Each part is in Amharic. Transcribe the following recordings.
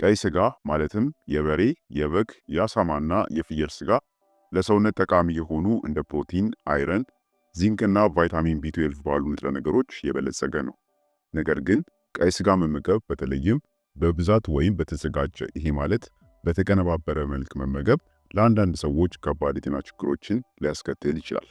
ቀይ ስጋ ማለትም የበሬ፣ የበግ፣ የአሳማና የፍየል ስጋ ለሰውነት ጠቃሚ የሆኑ እንደ ፕሮቲን፣ አይረን፣ ዚንክና ቫይታሚን ቢ12 ባሉ ንጥረ ነገሮች የበለጸገ ነው። ነገር ግን ቀይ ስጋ መመገብ በተለይም በብዛት ወይም በተዘጋጀ ይሄ ማለት በተቀነባበረ መልክ መመገብ ለአንዳንድ ሰዎች ከባድ የጤና ችግሮችን ሊያስከትል ይችላል።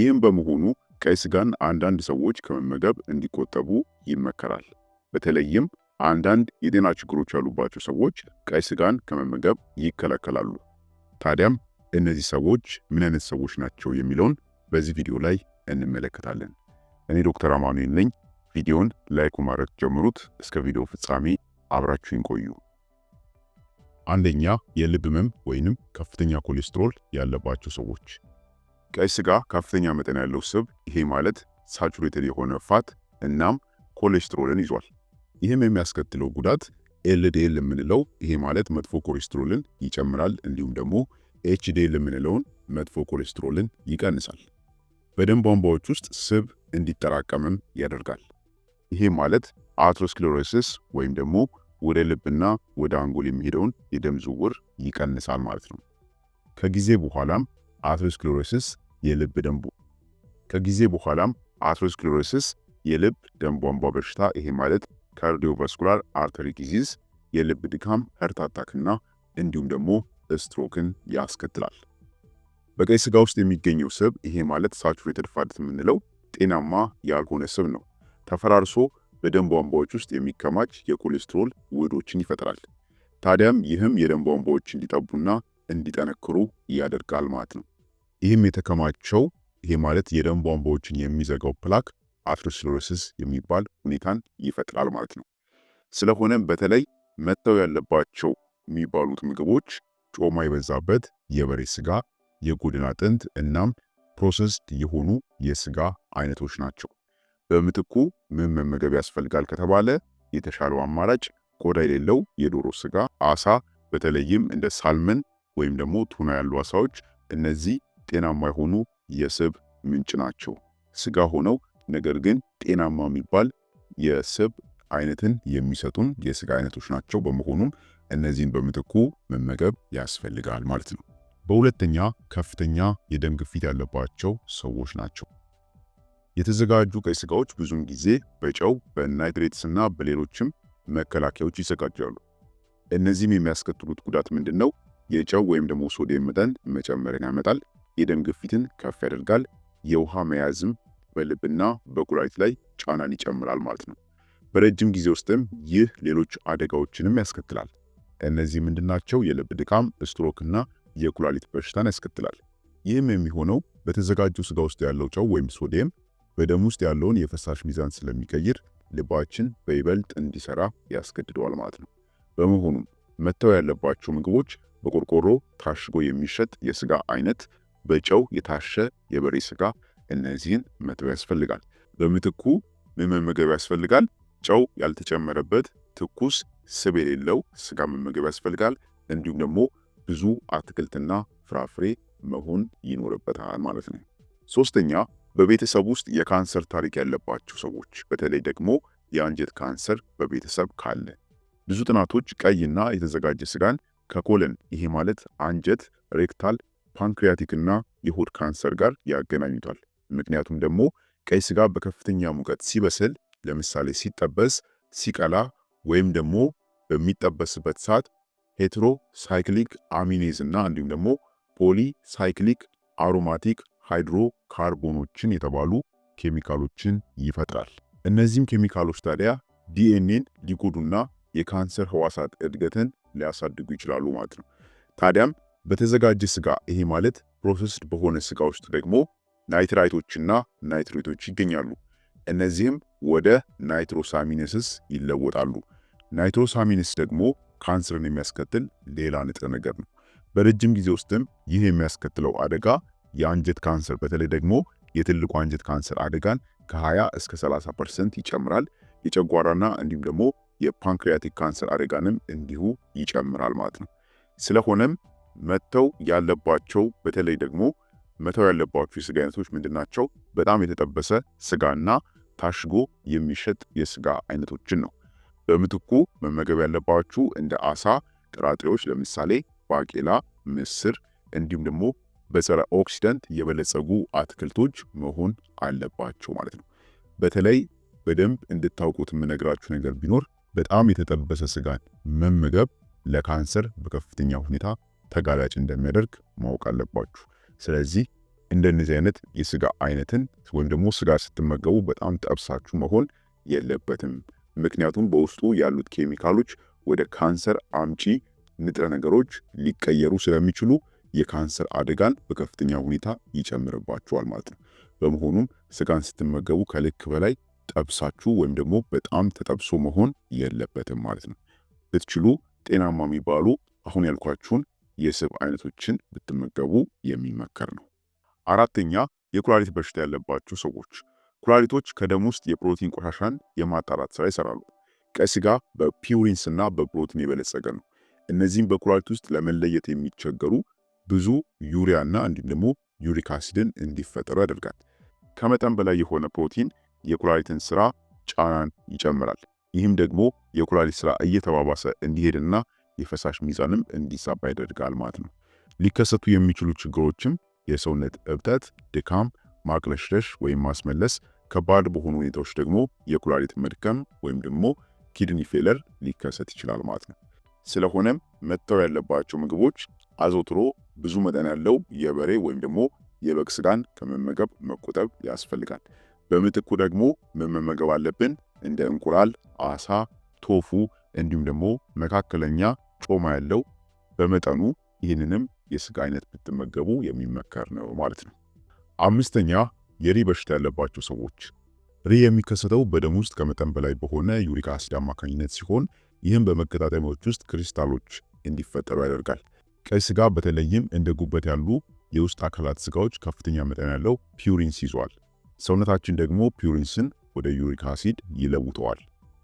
ይህም በመሆኑ ቀይ ስጋን አንዳንድ ሰዎች ከመመገብ እንዲቆጠቡ ይመከራል። በተለይም አንዳንድ የጤና ችግሮች ያሉባቸው ሰዎች ቀይ ስጋን ከመመገብ ይከለከላሉ። ታዲያም እነዚህ ሰዎች ምን አይነት ሰዎች ናቸው የሚለውን በዚህ ቪዲዮ ላይ እንመለከታለን። እኔ ዶክተር አማኑኤል ነኝ። ቪዲዮን ላይክ ማድረግ ጀምሩት። እስከ ቪዲዮ ፍጻሜ አብራችሁን ቆዩ። አንደኛ የልብ ህመም ወይንም ከፍተኛ ኮሌስትሮል ያለባቸው ሰዎች ቀይ ስጋ ከፍተኛ መጠን ያለው ስብ፣ ይሄ ማለት ሳቹሬትድ የሆነ ፋት እናም ኮሌስትሮልን ይዟል። ይህም የሚያስከትለው ጉዳት ኤልዲኤል የምንለው ይሄ ማለት መጥፎ ኮሌስትሮልን ይጨምራል፣ እንዲሁም ደግሞ ኤችዲኤል የምንለውን መጥፎ ኮሌስትሮልን ይቀንሳል። በደም ቧንቧዎች ውስጥ ስብ እንዲጠራቀምም ያደርጋል። ይሄ ማለት አትሮስክሌሮሲስ ወይም ደግሞ ወደ ልብና ወደ አንጎል የሚሄደውን የደም ዝውውር ይቀንሳል ማለት ነው። ከጊዜ በኋላም አትሮስክሌሮሲስ የልብ ደም ከጊዜ በኋላም አትሮስክሌሮሲስ የልብ ደም ቧንቧ በሽታ ይሄ ማለት ካርዲዮቫስኩላር አርተሪ ዲዚዝ፣ የልብ ድካም፣ ሀርት አታክና እንዲሁም ደግሞ ስትሮክን ያስከትላል። በቀይ ስጋ ውስጥ የሚገኘው ስብ ይሄ ማለት ሳቹሬትድ ፋት የምንለው ጤናማ ያልሆነ ስብ ነው። ተፈራርሶ በደም ቧንቧዎች ውስጥ የሚከማች የኮሌስትሮል ውህዶችን ይፈጥራል። ታዲያም ይህም የደም ቧንቧዎች እንዲጠቡና እንዲጠነክሩ ያደርጋል ማለት ነው። ይህም የተከማቸው ይሄ ማለት የደም ቧንቧዎችን የሚዘጋው ፕላክ አትሮስሎሮሲስ የሚባል ሁኔታን ይፈጥራል ማለት ነው። ስለሆነም በተለይ መተው ያለባቸው የሚባሉት ምግቦች ጮማ የበዛበት የበሬ ስጋ፣ የጎድን አጥንት እናም ፕሮሰስድ የሆኑ የስጋ አይነቶች ናቸው። በምትኩ ምን መመገብ ያስፈልጋል ከተባለ የተሻለው አማራጭ ቆዳ የሌለው የዶሮ ስጋ፣ አሳ በተለይም እንደ ሳልመን ወይም ደግሞ ቱና ያሉ አሳዎች፣ እነዚህ ጤናማ የሆኑ የስብ ምንጭ ናቸው። ስጋ ሆነው ነገር ግን ጤናማ የሚባል የስብ አይነትን የሚሰጡን የስጋ አይነቶች ናቸው። በመሆኑም እነዚህን በምትኩ መመገብ ያስፈልጋል ማለት ነው። በሁለተኛ ከፍተኛ የደም ግፊት ያለባቸው ሰዎች ናቸው። የተዘጋጁ ቀይ ስጋዎች ብዙውን ጊዜ በጨው በናይትሬትስ እና በሌሎችም መከላከያዎች ይዘጋጃሉ። እነዚህም የሚያስከትሉት ጉዳት ምንድን ነው? የጨው ወይም ደግሞ ሶዲየም መጠን መጨመርን ያመጣል። የደም ግፊትን ከፍ ያደርጋል። የውሃ መያዝም በልብና በኩላሊት ላይ ጫናን ይጨምራል ማለት ነው። በረጅም ጊዜ ውስጥም ይህ ሌሎች አደጋዎችንም ያስከትላል። እነዚህ ምንድናቸው? የልብ ድካም፣ ስትሮክና የኩላሊት በሽታን ያስከትላል። ይህም የሚሆነው በተዘጋጀው ስጋ ውስጥ ያለው ጨው ወይም ሶዲየም በደም ውስጥ ያለውን የፈሳሽ ሚዛን ስለሚቀይር ልባችን በይበልጥ እንዲሰራ ያስገድደዋል ማለት ነው። በመሆኑም መተው ያለባቸው ምግቦች በቆርቆሮ ታሽጎ የሚሸጥ የስጋ አይነት፣ በጨው የታሸ የበሬ ስጋ እነዚህን መተው ያስፈልጋል። በምትኩ ምን መመገብ ያስፈልጋል? ጨው ያልተጨመረበት ትኩስ ስብ የሌለው ስጋ መመገብ ያስፈልጋል። እንዲሁም ደግሞ ብዙ አትክልትና ፍራፍሬ መሆን ይኖርበታል ማለት ነው። ሶስተኛ በቤተሰብ ውስጥ የካንሰር ታሪክ ያለባቸው ሰዎች በተለይ ደግሞ የአንጀት ካንሰር በቤተሰብ ካለ ብዙ ጥናቶች ቀይና የተዘጋጀ ስጋን ከኮለን ይሄ ማለት አንጀት፣ ሬክታል፣ ፓንክሪያቲክ እና የሆድ ካንሰር ጋር ያገናኙታል። ምክንያቱም ደግሞ ቀይ ስጋ በከፍተኛ ሙቀት ሲበስል ለምሳሌ ሲጠበስ፣ ሲቀላ ወይም ደግሞ በሚጠበስበት ሰዓት ሄትሮ ሳይክሊክ አሚኔዝ እና እንዲሁም ደግሞ ፖሊ ሳይክሊክ አሮማቲክ ሃይድሮ ካርቦኖችን የተባሉ ኬሚካሎችን ይፈጥራል። እነዚህም ኬሚካሎች ታዲያ ዲኤንኤን ሊጎዱና የካንሰር ህዋሳት እድገትን ሊያሳድጉ ይችላሉ ማለት ነው። ታዲያም በተዘጋጀ ስጋ ይሄ ማለት ፕሮሰስድ በሆነ ስጋ ውስጥ ደግሞ ናይትራይቶችና ናይትሬቶች ይገኛሉ። እነዚህም ወደ ናይትሮሳሚነስስ ይለወጣሉ። ናይትሮሳሚነስ ደግሞ ካንሰርን የሚያስከትል ሌላ ንጥረ ነገር ነው። በረጅም ጊዜ ውስጥም ይህ የሚያስከትለው አደጋ የአንጀት ካንሰር በተለይ ደግሞ የትልቁ አንጀት ካንሰር አደጋን ከ20 እስከ 30 ፐርሰንት ይጨምራል። የጨጓራና እንዲሁም ደግሞ የፓንክሪያቲክ ካንሰር አደጋንም እንዲሁ ይጨምራል ማለት ነው። ስለሆነም መጥተው ያለባቸው በተለይ ደግሞ መተው ያለባችሁ የስጋ አይነቶች ምንድን ናቸው? በጣም የተጠበሰ ስጋና ታሽጎ የሚሸጥ የስጋ አይነቶችን ነው። በምትኩ መመገብ ያለባችሁ እንደ አሳ፣ ጥራጥሬዎች ለምሳሌ ባቄላ፣ ምስር እንዲሁም ደግሞ በጸረ ኦክሲደንት የበለጸጉ አትክልቶች መሆን አለባቸው ማለት ነው። በተለይ በደንብ እንድታውቁት የምነግራችሁ ነገር ቢኖር በጣም የተጠበሰ ስጋን መመገብ ለካንሰር በከፍተኛ ሁኔታ ተጋላጭ እንደሚያደርግ ማወቅ አለባችሁ። ስለዚህ እንደነዚህ አይነት የስጋ አይነትን ወይም ደግሞ ስጋ ስትመገቡ በጣም ጠብሳችሁ መሆን የለበትም። ምክንያቱም በውስጡ ያሉት ኬሚካሎች ወደ ካንሰር አምጪ ንጥረ ነገሮች ሊቀየሩ ስለሚችሉ የካንሰር አደጋን በከፍተኛ ሁኔታ ይጨምርባቸዋል ማለት ነው። በመሆኑም ስጋን ስትመገቡ ከልክ በላይ ጠብሳችሁ ወይም ደግሞ በጣም ተጠብሶ መሆን የለበትም ማለት ነው። ብትችሉ ጤናማ የሚባሉ አሁን ያልኳችሁን የስብ አይነቶችን ብትመገቡ የሚመከር ነው። አራተኛ የኩላሊት በሽታ ያለባቸው ሰዎች ኩላሊቶች ከደም ውስጥ የፕሮቲን ቆሻሻን የማጣራት ስራ ይሰራሉ። ቀይ ስጋ በፒውሪንስ እና በፕሮቲን የበለጸገ ነው። እነዚህም በኩላሊት ውስጥ ለመለየት የሚቸገሩ ብዙ ዩሪያና እንዲሁም ደግሞ ዩሪክ አሲድን እንዲፈጠሩ ያደርጋል። ከመጠን በላይ የሆነ ፕሮቲን የኩላሊትን ስራ ጫናን ይጨምራል። ይህም ደግሞ የኩላሊት ስራ እየተባባሰ እንዲሄድና የፈሳሽ ሚዛንም እንዲሳባ ያደርጋል ማለት ነው። ሊከሰቱ የሚችሉ ችግሮችም የሰውነት እብጠት፣ ድካም፣ ማቅለሽለሽ ወይም ማስመለስ፣ ከባድ በሆኑ ሁኔታዎች ደግሞ የኩላሊት መድከም ወይም ደግሞ ኪድኒ ፌለር ሊከሰት ይችላል ማለት ነው። ስለሆነም መተው ያለባቸው ምግቦች አዘውትሮ ብዙ መጠን ያለው የበሬ ወይም ደግሞ የበግ ስጋን ከመመገብ መቆጠብ ያስፈልጋል። በምትኩ ደግሞ ምን መመገብ አለብን? እንደ እንቁላል፣ አሳ፣ ቶፉ እንዲሁም ደግሞ መካከለኛ ጮማ ያለው በመጠኑ ይህንንም የስጋ አይነት ብትመገቡ የሚመከር ነው ማለት ነው። አምስተኛ የሪ በሽታ ያለባቸው ሰዎች። ሪ የሚከሰተው በደም ውስጥ ከመጠን በላይ በሆነ ዩሪክ አሲድ አማካኝነት ሲሆን ይህም በመገጣጠሚያዎች ውስጥ ክሪስታሎች እንዲፈጠሩ ያደርጋል። ቀይ ስጋ በተለይም እንደ ጉበት ያሉ የውስጥ አካላት ስጋዎች ከፍተኛ መጠን ያለው ፒውሪንስ ይዟል። ሰውነታችን ደግሞ ፒውሪንስን ወደ ዩሪክ አሲድ ይለውጠዋል።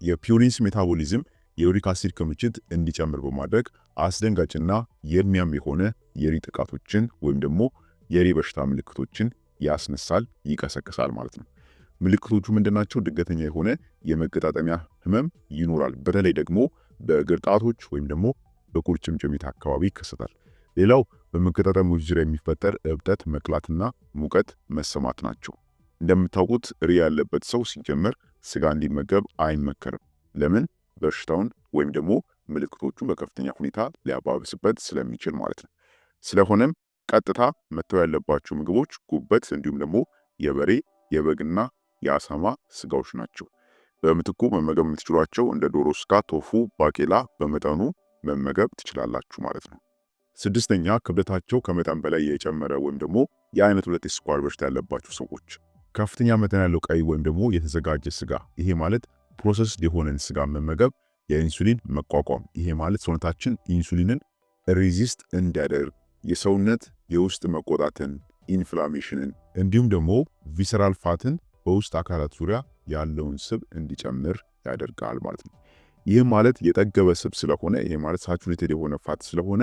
የፒውሪንስ ሜታቦሊዝም የዩሪክ አሲድ ክምችት እንዲጨምር በማድረግ አስደንጋጭና የሚያም የሆነ የሪ ጥቃቶችን ወይም ደግሞ የሪ በሽታ ምልክቶችን ያስነሳል፣ ይቀሰቅሳል ማለት ነው። ምልክቶቹ ምንድናቸው? ድገተኛ የሆነ የመገጣጠሚያ ህመም ይኖራል። በተለይ ደግሞ በእግር ጣቶች ወይም ደግሞ በቁርጭምጭሚት አካባቢ ይከሰታል። ሌላው በመገጣጠሚያዎች ዙሪያ የሚፈጠር እብጠት፣ መቅላትና ሙቀት መሰማት ናቸው። እንደምታውቁት ሪ ያለበት ሰው ሲጀመር ስጋ እንዲመገብ አይመከርም። ለምን? በሽታውን ወይም ደግሞ ምልክቶቹን በከፍተኛ ሁኔታ ሊያባብስበት ስለሚችል ማለት ነው። ስለሆነም ቀጥታ መተው ያለባቸው ምግቦች ጉበት፣ እንዲሁም ደግሞ የበሬ የበግና የአሳማ ስጋዎች ናቸው። በምትኩ መመገብ የምትችሏቸው እንደ ዶሮ ስጋ፣ ቶፉ፣ ባቄላ በመጠኑ መመገብ ትችላላችሁ ማለት ነው። ስድስተኛ ክብደታቸው ከመጠን በላይ የጨመረ ወይም ደግሞ የአይነት ሁለት የስኳር በሽታ ያለባቸው ሰዎች ከፍተኛ መጠን ያለው ቀይ ወይም ደግሞ የተዘጋጀ ስጋ ይሄ ማለት ፕሮሰስ የሆነን ስጋ መመገብ የኢንሱሊን መቋቋም። ይሄ ማለት ሰውነታችን ኢንሱሊንን ሬዚስት እንዲያደርግ የሰውነት የውስጥ መቆጣትን፣ ኢንፍላሜሽንን እንዲሁም ደግሞ ቪሰራል ፋትን በውስጥ አካላት ዙሪያ ያለውን ስብ እንዲጨምር ያደርጋል ማለት ነው። ይህም ማለት የጠገበ ስብ ስለሆነ ይህ ማለት ሳቹሬትድ የሆነ ፋት ስለሆነ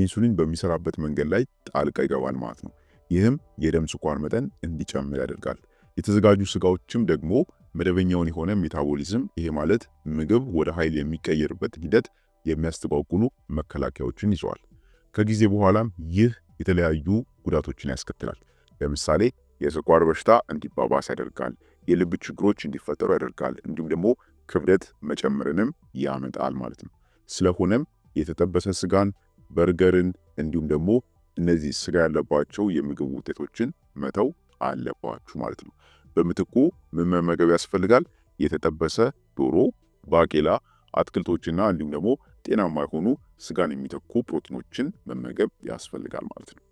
ኢንሱሊን በሚሰራበት መንገድ ላይ ጣልቃ ይገባል ማለት ነው። ይህም የደም ስኳር መጠን እንዲጨምር ያደርጋል። የተዘጋጁ ስጋዎችም ደግሞ መደበኛውን የሆነ ሜታቦሊዝም ይሄ ማለት ምግብ ወደ ኃይል የሚቀየርበት ሂደት የሚያስተጓጉሉ መከላከያዎችን ይዘዋል። ከጊዜ በኋላም ይህ የተለያዩ ጉዳቶችን ያስከትላል። ለምሳሌ የስኳር በሽታ እንዲባባስ ያደርጋል፣ የልብ ችግሮች እንዲፈጠሩ ያደርጋል፣ እንዲሁም ደግሞ ክብደት መጨመርንም ያመጣል ማለት ነው። ስለሆነም የተጠበሰ ስጋን፣ በርገርን እንዲሁም ደግሞ እነዚህ ስጋ ያለባቸው የምግብ ውጤቶችን መተው አለባችሁ ማለት ነው። በምትኩ ምን መመገብ ያስፈልጋል? የተጠበሰ ዶሮ፣ ባቄላ፣ አትክልቶችና እንዲሁም ደግሞ ጤናማ የሆኑ ስጋን የሚተኩ ፕሮቲኖችን መመገብ ያስፈልጋል ማለት ነው።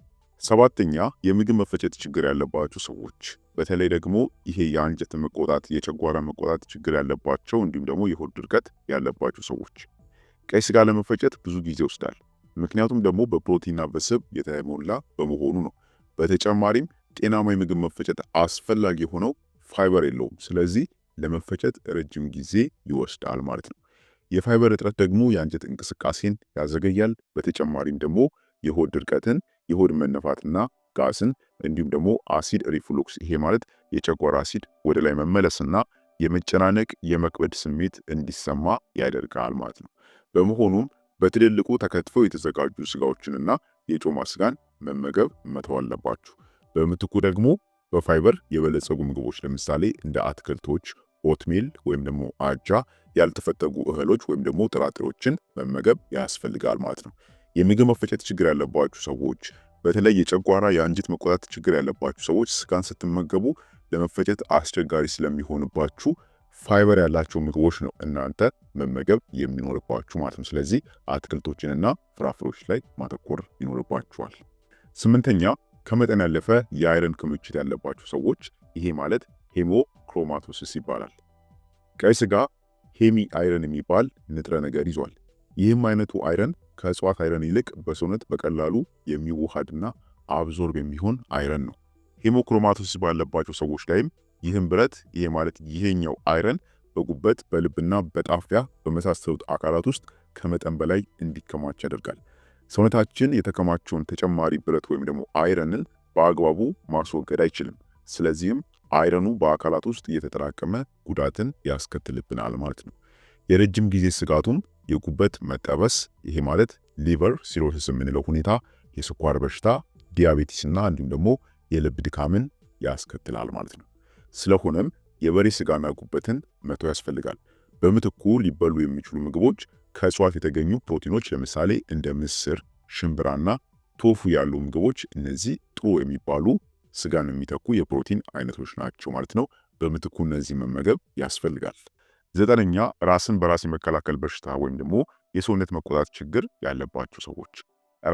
ሰባተኛ የምግብ መፈጨት ችግር ያለባቸው ሰዎች በተለይ ደግሞ ይሄ የአንጀት መቆጣት፣ የጨጓራ መቆጣት ችግር ያለባቸው እንዲሁም ደግሞ የሆድ ድርቀት ያለባቸው ሰዎች ቀይ ስጋ ለመፈጨት ብዙ ጊዜ ይወስዳል። ምክንያቱም ደግሞ በፕሮቲንና በስብ የተሞላ በመሆኑ ነው። በተጨማሪም ጤናማ የምግብ መፈጨት አስፈላጊ የሆነው ፋይበር የለውም። ስለዚህ ለመፈጨት ረጅም ጊዜ ይወስዳል ማለት ነው። የፋይበር እጥረት ደግሞ የአንጀት እንቅስቃሴን ያዘገያል። በተጨማሪም ደግሞ የሆድ ድርቀትን፣ የሆድ መነፋትና ጋስን እንዲሁም ደግሞ አሲድ ሪፍሉክስ ይሄ ማለት የጨጓራ አሲድ ወደ ላይ መመለስና የመጨናነቅ የመክበድ ስሜት እንዲሰማ ያደርጋል ማለት ነው። በመሆኑም በትልልቁ ተከትፈው የተዘጋጁ ስጋዎችንና የጮማ ስጋን መመገብ መተው አለባችሁ። በምትኩ ደግሞ በፋይበር የበለጸጉ ምግቦች ለምሳሌ እንደ አትክልቶች፣ ኦትሜል ወይም ደግሞ አጃ፣ ያልተፈጠጉ እህሎች ወይም ደግሞ ጥራጥሬዎችን መመገብ ያስፈልጋል ማለት ነው። የምግብ መፈጨት ችግር ያለባችሁ ሰዎች፣ በተለይ የጨጓራ የአንጅት መቆጣት ችግር ያለባችሁ ሰዎች ስጋን ስትመገቡ ለመፈጨት አስቸጋሪ ስለሚሆንባችሁ ፋይበር ያላቸው ምግቦች ነው እናንተ መመገብ የሚኖርባችሁ ማለት ነው። ስለዚህ አትክልቶችንና ፍራፍሬዎች ላይ ማተኮር ይኖርባችኋል። ስምንተኛ ከመጠን ያለፈ የአይረን ክምችት ያለባቸው ሰዎች ይሄ ማለት ሄሞክሮማቶሲስ ይባላል። ቀይ ስጋ ሄሚ አይረን የሚባል ንጥረ ነገር ይዟል። ይህም አይነቱ አይረን ከእጽዋት አይረን ይልቅ በሰውነት በቀላሉ የሚዋሃድና አብዞርብ የሚሆን አይረን ነው። ሄሞክሮማቶሲስ ባለባቸው ሰዎች ላይም ይህም ብረት ይሄ ማለት ይሄኛው አይረን በጉበት በልብና በጣፊያ በመሳሰሉት አካላት ውስጥ ከመጠን በላይ እንዲከማች ያደርጋል። ሰውነታችን የተከማቸውን ተጨማሪ ብረት ወይም ደግሞ አይረንን በአግባቡ ማስወገድ አይችልም። ስለዚህም አይረኑ በአካላት ውስጥ እየተጠራቀመ ጉዳትን ያስከትልብናል ማለት ነው። የረጅም ጊዜ ስጋቱም የጉበት መጠበስ፣ ይሄ ማለት ሊቨር ሲሮሲስ የምንለው ሁኔታ፣ የስኳር በሽታ፣ ዲያቤቲስና እንዲሁም ደግሞ የልብ ድካምን ያስከትላል ማለት ነው። ስለሆነም የበሬ ስጋና ጉበትን መተው ያስፈልጋል። በምትኩ ሊበሉ የሚችሉ ምግቦች ከእጽዋት የተገኙ ፕሮቲኖች ለምሳሌ እንደ ምስር፣ ሽምብራና ቶፉ ያሉ ምግቦች እነዚህ ጥሩ የሚባሉ ስጋን የሚተኩ የፕሮቲን አይነቶች ናቸው ማለት ነው። በምትኩ እነዚህ መመገብ ያስፈልጋል። ዘጠነኛ ራስን በራስ የመከላከል በሽታ ወይም ደግሞ የሰውነት መቆጣት ችግር ያለባቸው ሰዎች።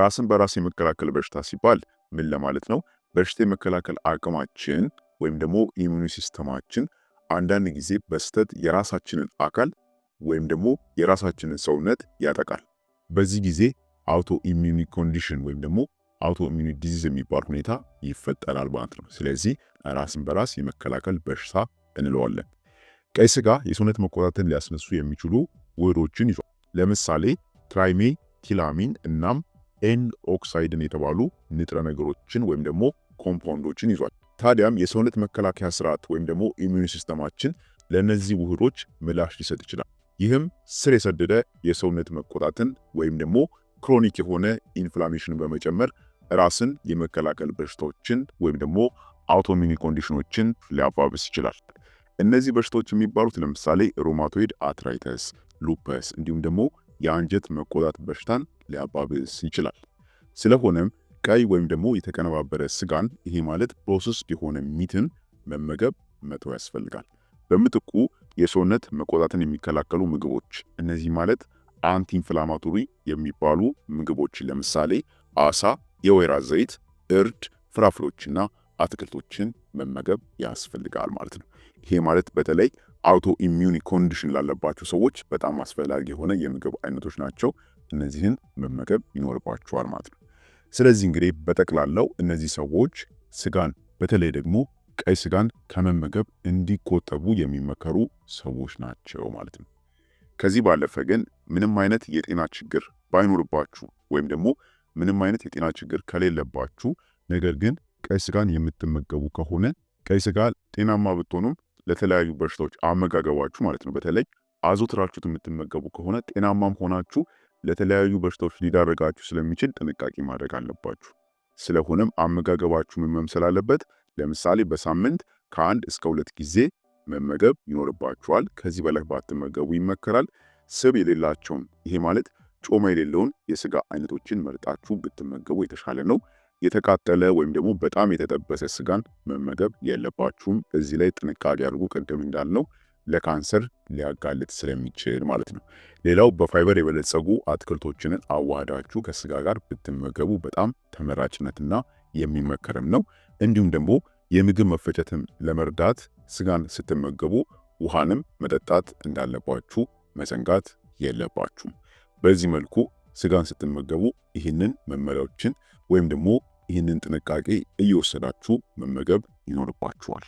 ራስን በራስ የመከላከል በሽታ ሲባል ምን ለማለት ነው? በሽታ የመከላከል አቅማችን ወይም ደግሞ ኢሚኒ ሲስተማችን አንዳንድ ጊዜ በስተት የራሳችንን አካል ወይም ደግሞ የራሳችንን ሰውነት ያጠቃል። በዚህ ጊዜ አውቶ ኢሚኒ ኮንዲሽን ወይም ደግሞ አውቶ ኢሚኒ ዲዚዝ የሚባል ሁኔታ ይፈጠራል ማለት ነው። ስለዚህ ራስን በራስ የመከላከል በሽታ እንለዋለን። ቀይ ስጋ የሰውነት መቆጣትን ሊያስነሱ የሚችሉ ውህዶችን ይዟል። ለምሳሌ ትራይሜ ቲላሚን እናም ኤንድ ኦክሳይድን የተባሉ ንጥረ ነገሮችን ወይም ደግሞ ኮምፓውንዶችን ይዟል። ታዲያም የሰውነት መከላከያ ስርዓት ወይም ደግሞ ኢሚዩን ሲስተማችን ለእነዚህ ውህዶች ምላሽ ሊሰጥ ይችላል። ይህም ስር የሰደደ የሰውነት መቆጣትን ወይም ደግሞ ክሮኒክ የሆነ ኢንፍላሜሽንን በመጨመር ራስን የመከላከል በሽታዎችን ወይም ደግሞ አውቶሚኒ ኮንዲሽኖችን ሊያባብስ ይችላል። እነዚህ በሽታዎች የሚባሉት ለምሳሌ ሮማቶይድ አትራይተስ፣ ሉፐስ እንዲሁም ደግሞ የአንጀት መቆጣት በሽታን ሊያባብስ ይችላል። ስለሆነም ቀይ ወይም ደግሞ የተቀነባበረ ስጋን ይሄ ማለት ፕሮሰስ የሆነ ሚትን መመገብ መተው ያስፈልጋል። በምትቁ የሰውነት መቆጣትን የሚከላከሉ ምግቦች እነዚህ ማለት አንቲ ኢንፍላማቶሪ የሚባሉ ምግቦች ለምሳሌ አሳ፣ የወይራ ዘይት፣ እርድ፣ ፍራፍሬዎችና አትክልቶችን መመገብ ያስፈልጋል ማለት ነው። ይሄ ማለት በተለይ አውቶ ኢሚዩን ኮንዲሽን ላለባቸው ሰዎች በጣም አስፈላጊ የሆነ የምግብ አይነቶች ናቸው። እነዚህን መመገብ ይኖርባቸዋል ማለት ነው። ስለዚህ እንግዲህ በጠቅላላው እነዚህ ሰዎች ስጋን በተለይ ደግሞ ቀይ ስጋን ከመመገብ እንዲቆጠቡ የሚመከሩ ሰዎች ናቸው ማለት ነው። ከዚህ ባለፈ ግን ምንም አይነት የጤና ችግር ባይኖርባችሁ ወይም ደግሞ ምንም አይነት የጤና ችግር ከሌለባችሁ፣ ነገር ግን ቀይ ስጋን የምትመገቡ ከሆነ ቀይ ስጋ ጤናማ ብትሆኑም ለተለያዩ በሽታዎች አመጋገባችሁ ማለት ነው በተለይ አዘውትራችሁት የምትመገቡ ከሆነ ጤናማም ሆናችሁ ለተለያዩ በሽታዎች ሊዳረጋችሁ ስለሚችል ጥንቃቄ ማድረግ አለባችሁ። ስለሆነም አመጋገባችሁ ምን መምሰል አለበት? ለምሳሌ በሳምንት ከአንድ እስከ ሁለት ጊዜ መመገብ ይኖርባችኋል። ከዚህ በላይ ባትመገቡ ይመከራል። ስብ የሌላቸውን ይሄ ማለት ጮማ የሌለውን የስጋ አይነቶችን መርጣችሁ ብትመገቡ የተሻለ ነው። የተቃጠለ ወይም ደግሞ በጣም የተጠበሰ ስጋን መመገብ የለባችሁም። እዚህ ላይ ጥንቃቄ አድርጉ። ቅድም እንዳልነው ለካንሰር ሊያጋልጥ ስለሚችል ማለት ነው። ሌላው በፋይበር የበለጸጉ አትክልቶችንን አዋህዳችሁ ከስጋ ጋር ብትመገቡ በጣም ተመራጭነትና የሚመከርም ነው። እንዲሁም ደግሞ የምግብ መፈጨትን ለመርዳት ስጋን ስትመገቡ ውሃንም መጠጣት እንዳለባችሁ መዘንጋት የለባችሁም። በዚህ መልኩ ስጋን ስትመገቡ ይህንን መመሪያዎችን ወይም ደግሞ ይህንን ጥንቃቄ እየወሰዳችሁ መመገብ ይኖርባችኋል።